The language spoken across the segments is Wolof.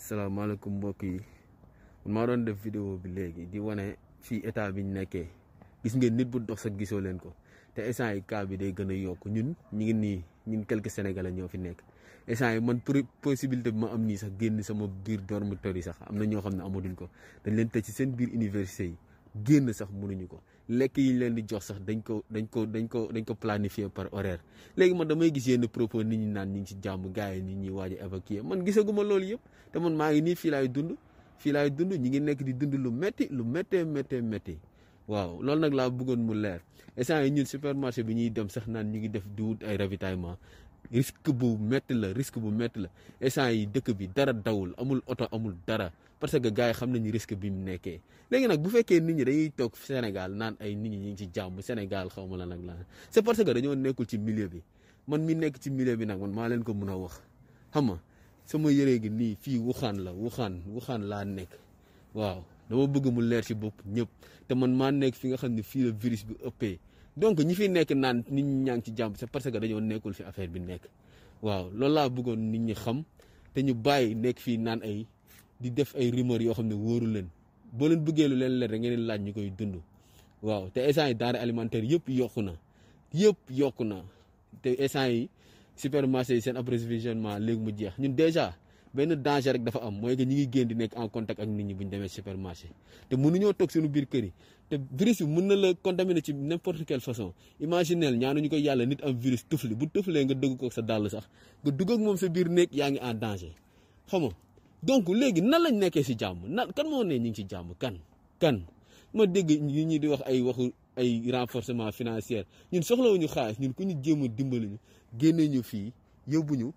salaamaaleykum mbokk yi man maa doon def vidéo bi léegi di wane fii état bi ñu nekkee gis ngeen nit bu dox sax gisoo leen ko te instant yi cas bi day gën a yokk ñun ñu ngi nii ñun quelques sénégalais ñoo fi nekk instant yi man possibilité bi ma am nii sax génn sama biir dormitoire yi sax am na ñoo xam ne amatuñ ko dañ leen tëj ci seen biir université yi. génn sax munuñu ko lekk yi leen di jox sax dañ ko dañ ko dañ ko dañ ko planifier par horaire léegi man damay gis yenn propos nit ñi naan ñi ngi si jàmm gars yi nit ñi waaj a man gisaguma loolu yëpp te man maa ngi nii fii laay dund fii laay dund ñi ngi nekk di dund lu metti lu méttee méttee métti waaw loolu nag laa buggoon mu leer instant yi ñun supermarché bi ñuy dem sax naan ñu ngi def di wut ay ravitaillement risque bu métti la risque bu métti la essence yi dëkk bi dara dawul amul oto amul dara parce que gars yi xam nañu risque bi mu nekkee léegi nag bu fekkee nit ñi dañuy toog Sénégal naan ay nit ñi ñi ngi ci jàmm Sénégal xaw ma la nag la c'est parce que dañoo nekkul ci milieu bi man mi nekk ci milieu bi nag man maa leen ko mën a wax xam nga sama yére gi nii fii Wuhan la Wuhan Wuhan laa nekk waaw dama bëgg mu leer si bopp ñëpp te man maa nekk fi nga xam ne fii la virus bi ëppee. donc ñi fi nekk naan nit ñi ñaa ci jàmm c'est parce que dañoo nekkul fi affaire bi nekk waaw loolu laa bëggoon nit ñi xam te ñu bàyyi nekk fii naan ay di def ay rumeur yoo xam ne wóoru leen boo leen lu leen leer rek ngeen laaj ñu koy dundu waaw te essence yi denrée alimentaire yëpp yokku na yëpp yokku na te essence yi supermarché yi seen approvisionnement léegi mu jeex ñun déjà benn danger rek dafa am mooy que ñi ngi génn di nekk en contact ak nit ñi bu ñu demee supermarché te mënuñoo toog suñu biir kër yi te virus bi mën na la contaminer ci n'importe quelle façon imaginel ñaanuñu ko yàlla nit am virus tufli bu tuflee nga dugg ko sa dàll sax nga dugg ak moom sa biir néeg yaa ngi en danger xam nga léegi nan lañ nekkee si jàmm nan kan moo nee ñu ngi si jàmm kan kan ma dégg ñi ñi di wax ay waxu ay renforcement financier ñun soxlawuñu xaalis ñun ku ñu jéem a dimbali ñu génne ñu fii yóbbu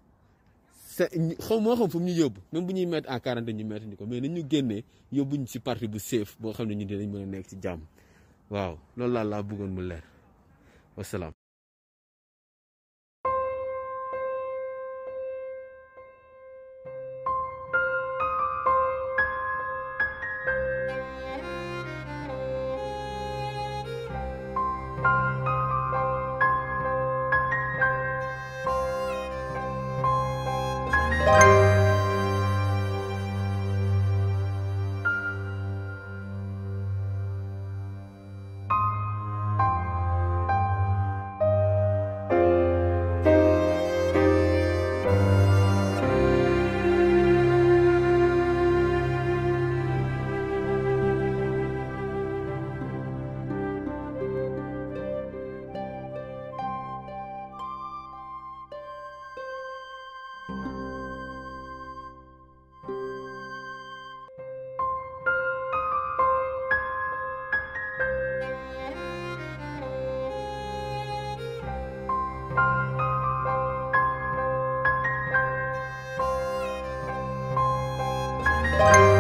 xaw moo xam fu mu ñu yóbbu même bu ñuy met à quarante ñu mettre ñu ko mais nañ ñu génnee yóbbuñ ci parti bu safe boo xam ne ñu dinañ mën a nekk ci jàmm waaw loolu laa laa bëggoon mu leer wasalaam. thank you